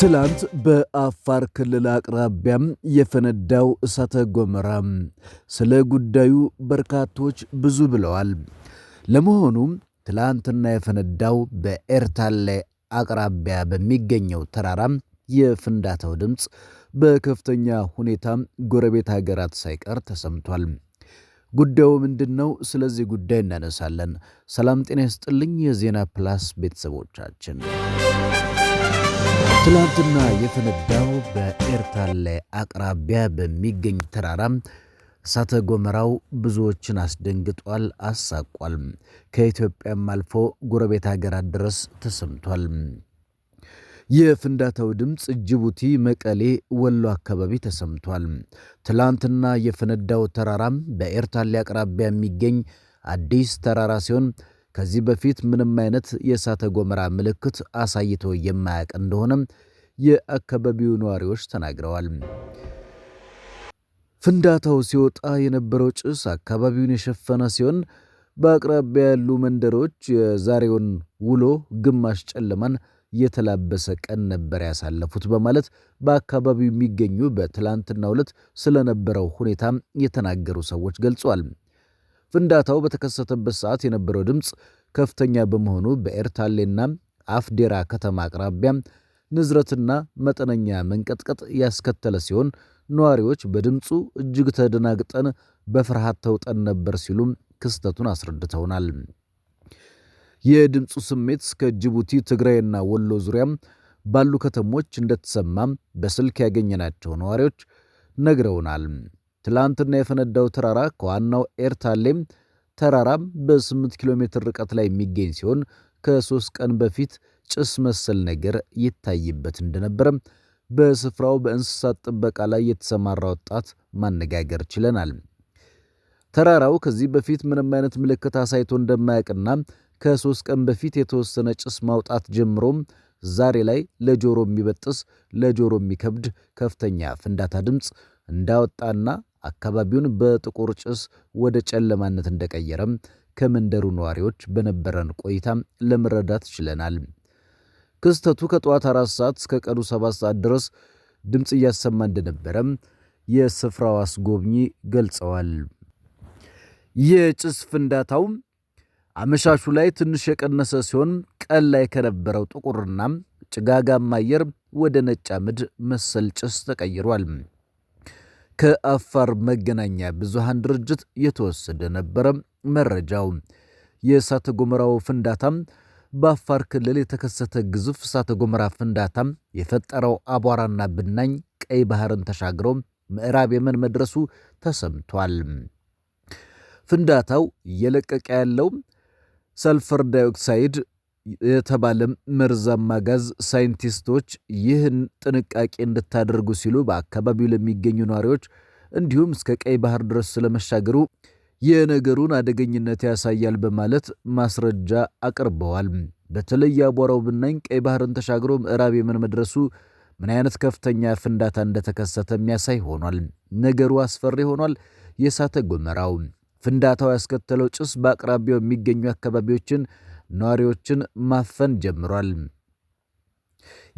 ትላንት በአፋር ክልል አቅራቢያም የፈነዳው እሳተ ገሞራ ስለ ጉዳዩ በርካቶች ብዙ ብለዋል። ለመሆኑም ትላንትና የፈነዳው በኤርታሌ አቅራቢያ በሚገኘው ተራራም የፍንዳታው ድምፅ በከፍተኛ ሁኔታ ጎረቤት ሀገራት ሳይቀር ተሰምቷል። ጉዳዩ ምንድን ነው? ስለዚህ ጉዳይ እናነሳለን። ሰላም ጤና ይስጥልኝ የዜና ፕላስ ቤተሰቦቻችን ትላንትና የፈነዳው በኤርታሌ አቅራቢያ በሚገኝ ተራራ እሳተ ገሞራው ብዙዎችን አስደንግጧል፣ አሳቋል። ከኢትዮጵያም አልፎ ጎረቤት ሀገራት ድረስ ተሰምቷል። የፍንዳታው ድምፅ ጅቡቲ፣ መቀሌ፣ ወሎ አካባቢ ተሰምቷል። ትላንትና የፈነዳው ተራራም በኤርታሌ አቅራቢያ የሚገኝ አዲስ ተራራ ሲሆን ከዚህ በፊት ምንም አይነት የእሳተ ጎመራ ምልክት አሳይቶ የማያውቅ እንደሆነም የአካባቢው ነዋሪዎች ተናግረዋል። ፍንዳታው ሲወጣ የነበረው ጭስ አካባቢውን የሸፈነ ሲሆን በአቅራቢያ ያሉ መንደሮች የዛሬውን ውሎ ግማሽ ጨለማን የተላበሰ ቀን ነበር ያሳለፉት በማለት በአካባቢው የሚገኙ በትላንትናው ዕለት ስለነበረው ሁኔታ የተናገሩ ሰዎች ገልጿል። ፍንዳታው በተከሰተበት ሰዓት የነበረው ድምፅ ከፍተኛ በመሆኑ በኤርታሌና አፍዴራ ከተማ አቅራቢያ ንዝረትና መጠነኛ መንቀጥቀጥ ያስከተለ ሲሆን ነዋሪዎች በድምፁ እጅግ ተደናግጠን በፍርሃት ተውጠን ነበር ሲሉም ክስተቱን አስረድተውናል። የድምፁ ስሜት እስከ ጅቡቲ፣ ትግራይና ወሎ ዙሪያም ባሉ ከተሞች እንደተሰማም በስልክ ያገኘናቸው ነዋሪዎች ነግረውናል። ትላንትና የፈነዳው ተራራ ከዋናው ኤርታሌም ተራራ በ8 ኪሎ ሜትር ርቀት ላይ የሚገኝ ሲሆን ከሶስት ቀን በፊት ጭስ መሰል ነገር ይታይበት እንደነበረ በስፍራው በእንስሳት ጥበቃ ላይ የተሰማራ ወጣት ማነጋገር ችለናል። ተራራው ከዚህ በፊት ምንም አይነት ምልክት አሳይቶ እንደማያውቅና ከሶስት ቀን በፊት የተወሰነ ጭስ ማውጣት ጀምሮም ዛሬ ላይ ለጆሮ የሚበጥስ ለጆሮ የሚከብድ ከፍተኛ ፍንዳታ ድምፅ እንዳወጣና አካባቢውን በጥቁር ጭስ ወደ ጨለማነት እንደቀየረም ከመንደሩ ነዋሪዎች በነበረን ቆይታ ለመረዳት ችለናል። ክስተቱ ከጠዋት አራት ሰዓት እስከ ቀኑ ሰባት ሰዓት ድረስ ድምፅ እያሰማ እንደነበረም የስፍራው አስጎብኚ ገልጸዋል። የጭስ ፍንዳታው አመሻሹ ላይ ትንሽ የቀነሰ ሲሆን ቀን ላይ ከነበረው ጥቁርና ጭጋጋማ አየር ወደ ነጭ አመድ መሰል ጭስ ተቀይሯል። ከአፋር መገናኛ ብዙሃን ድርጅት የተወሰደ ነበረ። መረጃው የእሳተ ገሞራው ፍንዳታም በአፋር ክልል የተከሰተ ግዙፍ እሳተ ገሞራ ፍንዳታም የፈጠረው አቧራና ብናኝ ቀይ ባህርን ተሻግሮ ምዕራብ የመን መድረሱ ተሰምቷል። ፍንዳታው እየለቀቀ ያለው ሰልፈር ዳይኦክሳይድ የተባለ መርዛማ ጋዝ ሳይንቲስቶች ይህን ጥንቃቄ እንድታደርጉ ሲሉ በአካባቢው ለሚገኙ ነዋሪዎች እንዲሁም እስከ ቀይ ባህር ድረስ ስለመሻገሩ የነገሩን አደገኝነት ያሳያል በማለት ማስረጃ አቅርበዋል። በተለይ አቧራው ብናኝ ቀይ ባህርን ተሻግሮ ምዕራብ የመን መድረሱ ምን አይነት ከፍተኛ ፍንዳታ እንደተከሰተ የሚያሳይ ሆኗል። ነገሩ አስፈሪ ሆኗል። የእሳተ ገሞራው ፍንዳታው ያስከተለው ጭስ በአቅራቢያው የሚገኙ አካባቢዎችን ነዋሪዎችን ማፈን ጀምሯል።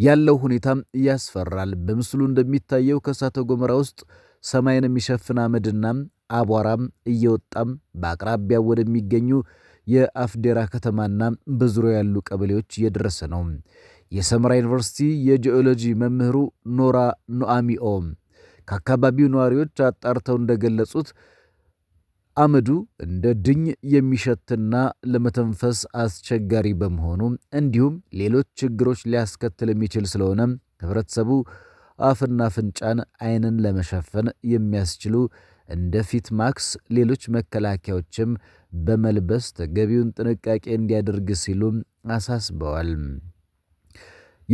ያለው ሁኔታም ያስፈራል። በምስሉ እንደሚታየው ከእሳተ ገሞራ ውስጥ ሰማይን የሚሸፍን አመድና አቧራም እየወጣም በአቅራቢያ ወደሚገኙ የአፍዴራ ከተማና በዙሪያ ያሉ ቀበሌዎች እየደረሰ ነው። የሰመራ ዩኒቨርሲቲ የጂኦሎጂ መምህሩ ኖራ ኖአሚኦ ከአካባቢው ነዋሪዎች አጣርተው እንደገለጹት አመዱ እንደ ድኝ የሚሸትና ለመተንፈስ አስቸጋሪ በመሆኑ እንዲሁም ሌሎች ችግሮች ሊያስከትል የሚችል ስለሆነ ህብረተሰቡ አፍና አፍንጫን፣ አይንን ለመሸፈን የሚያስችሉ እንደ ፊት ማክስ፣ ሌሎች መከላከያዎችም በመልበስ ተገቢውን ጥንቃቄ እንዲያደርግ ሲሉም አሳስበዋል።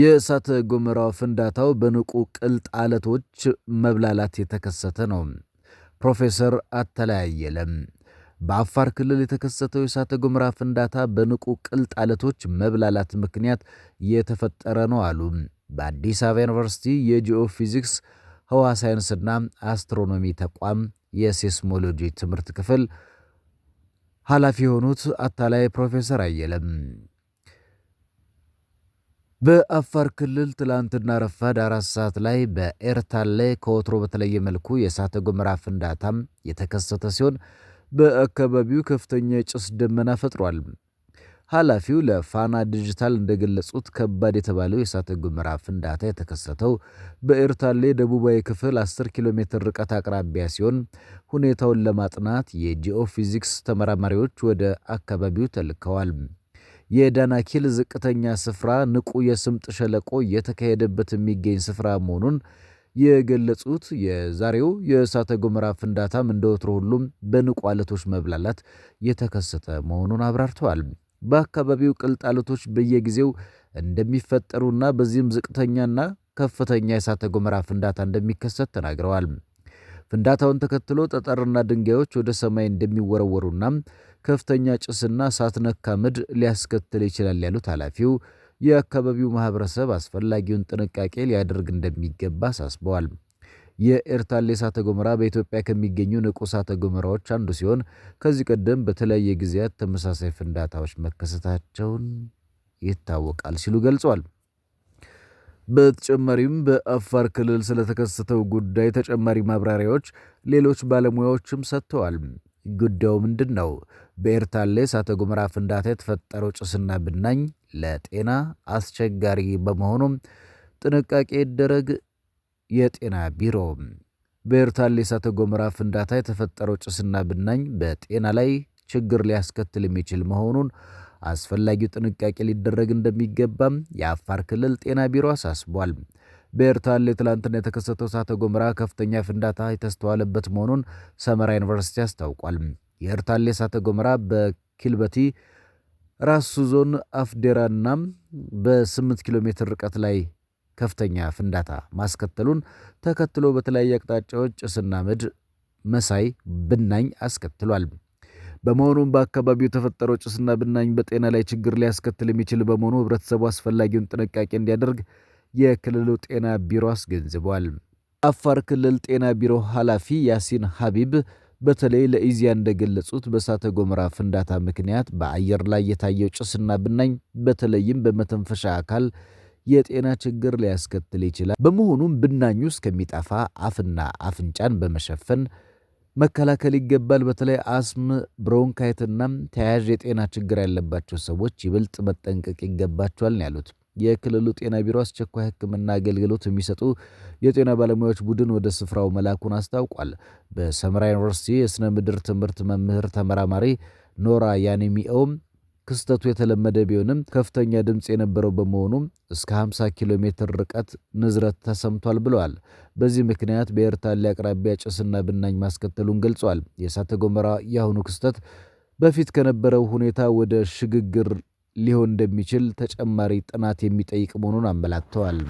የእሳተ ገሞራው ፍንዳታው በንቁ ቅልጥ አለቶች መብላላት የተከሰተ ነው። ፕሮፌሰር አተለያየለም በአፋር ክልል የተከሰተው የእሳተ ገሞራ ፍንዳታ በንቁ ቅልጥ አለቶች መብላላት ምክንያት የተፈጠረ ነው አሉ። በአዲስ አበባ ዩኒቨርሲቲ የጂኦ ፊዚክስ ህዋ ሳይንስና አስትሮኖሚ ተቋም የሴስሞሎጂ ትምህርት ክፍል ኃላፊ የሆኑት አታላይ ፕሮፌሰር አየለም በአፋር ክልል ትላንትና ረፋድ አራት ሰዓት ላይ በኤርታሌ ከወትሮ በተለየ መልኩ የእሳተ ገሞራ ፍንዳታም የተከሰተ ሲሆን በአካባቢው ከፍተኛ የጭስ ደመና ፈጥሯል። ኃላፊው ለፋና ዲጂታል እንደገለጹት ከባድ የተባለው የእሳተ ገሞራ ፍንዳታ የተከሰተው በኤርታሌ ደቡባዊ ክፍል 10 ኪሎ ሜትር ርቀት አቅራቢያ ሲሆን ሁኔታውን ለማጥናት የጂኦፊዚክስ ተመራማሪዎች ወደ አካባቢው ተልከዋል። የዳናኪል ዝቅተኛ ስፍራ ንቁ የስምጥ ሸለቆ የተካሄደበት የሚገኝ ስፍራ መሆኑን የገለጹት የዛሬው የእሳተ ገሞራ ፍንዳታም እንደ ወትሮ ሁሉም በንቁ አለቶች መብላላት የተከሰተ መሆኑን አብራርተዋል። በአካባቢው ቅልጥ አለቶች በየጊዜው እንደሚፈጠሩና በዚህም ዝቅተኛና ከፍተኛ የእሳተ ገሞራ ፍንዳታ እንደሚከሰት ተናግረዋል። ፍንዳታውን ተከትሎ ጠጠርና ድንጋዮች ወደ ሰማይ እንደሚወረወሩና ከፍተኛ ጭስና እሳት ነካ ምድ ሊያስከትል ይችላል ያሉት ኃላፊው የአካባቢው ማህበረሰብ አስፈላጊውን ጥንቃቄ ሊያደርግ እንደሚገባ አሳስበዋል። የኤርታሌ እሳተ ገሞራ በኢትዮጵያ ከሚገኙ ንቁ እሳተ ገሞራዎች አንዱ ሲሆን ከዚህ ቀደም በተለያየ ጊዜያት ተመሳሳይ ፍንዳታዎች መከሰታቸውን ይታወቃል ሲሉ ገልጿል። በተጨማሪም በአፋር ክልል ስለተከሰተው ጉዳይ ተጨማሪ ማብራሪያዎች ሌሎች ባለሙያዎችም ሰጥተዋል። ጉዳዩ ምንድን ነው? በኤርታሌ እሳተ ገሞራ ፍንዳታ የተፈጠረው ጭስና ብናኝ ለጤና አስቸጋሪ በመሆኑም ጥንቃቄ ይደረግ። የጤና ቢሮ በኤርታሌ እሳተ ገሞራ ፍንዳታ የተፈጠረው ጭስና ብናኝ በጤና ላይ ችግር ሊያስከትል የሚችል መሆኑን አስፈላጊው ጥንቃቄ ሊደረግ እንደሚገባም የአፋር ክልል ጤና ቢሮ አሳስቧል። በኤርታሌ ትላንትና የተከሰተው እሳተ ገሞራ ከፍተኛ ፍንዳታ የተስተዋለበት መሆኑን ሰመራ ዩኒቨርሲቲ አስታውቋል። የኤርታሌ እሳተ ገሞራ በኪልበቲ ራሱ ዞን አፍዴራና በ8 ኪሎ ሜትር ርቀት ላይ ከፍተኛ ፍንዳታ ማስከተሉን ተከትሎ በተለያዩ አቅጣጫዎች ጭስና ምድ መሳይ ብናኝ አስከትሏል። በመሆኑም በአካባቢው የተፈጠረው ጭስና ብናኝ በጤና ላይ ችግር ሊያስከትል የሚችል በመሆኑ ህብረተሰቡ አስፈላጊውን ጥንቃቄ እንዲያደርግ የክልሉ ጤና ቢሮ አስገንዝቧል። አፋር ክልል ጤና ቢሮ ኃላፊ ያሲን ሀቢብ በተለይ ለኢዚያ እንደገለጹት በእሳተ ገሞራ ፍንዳታ ምክንያት በአየር ላይ የታየው ጭስና ብናኝ በተለይም በመተንፈሻ አካል የጤና ችግር ሊያስከትል ይችላል። በመሆኑም ብናኙ እስከሚጠፋ አፍና አፍንጫን በመሸፈን መከላከል ይገባል። በተለይ አስም፣ ብሮንካይትና ተያያዥ የጤና ችግር ያለባቸው ሰዎች ይበልጥ መጠንቀቅ ይገባቸዋል ነው ያሉት። የክልሉ ጤና ቢሮ አስቸኳይ ሕክምና አገልግሎት የሚሰጡ የጤና ባለሙያዎች ቡድን ወደ ስፍራው መላኩን አስታውቋል። በሰመራ ዩኒቨርሲቲ የሥነ ምድር ትምህርት መምህር ተመራማሪ ኖራ ያኔሚኦም ክስተቱ የተለመደ ቢሆንም ከፍተኛ ድምፅ የነበረው በመሆኑ እስከ 50 ኪሎ ሜትር ርቀት ንዝረት ተሰምቷል ብለዋል። በዚህ ምክንያት በኤርታሌ አቅራቢያ ጭስና ብናኝ ማስከተሉን ገልጿል። የእሳተ ገሞራ የአሁኑ ክስተት በፊት ከነበረው ሁኔታ ወደ ሽግግር ሊሆን እንደሚችል ተጨማሪ ጥናት የሚጠይቅ መሆኑን አመላክተዋል።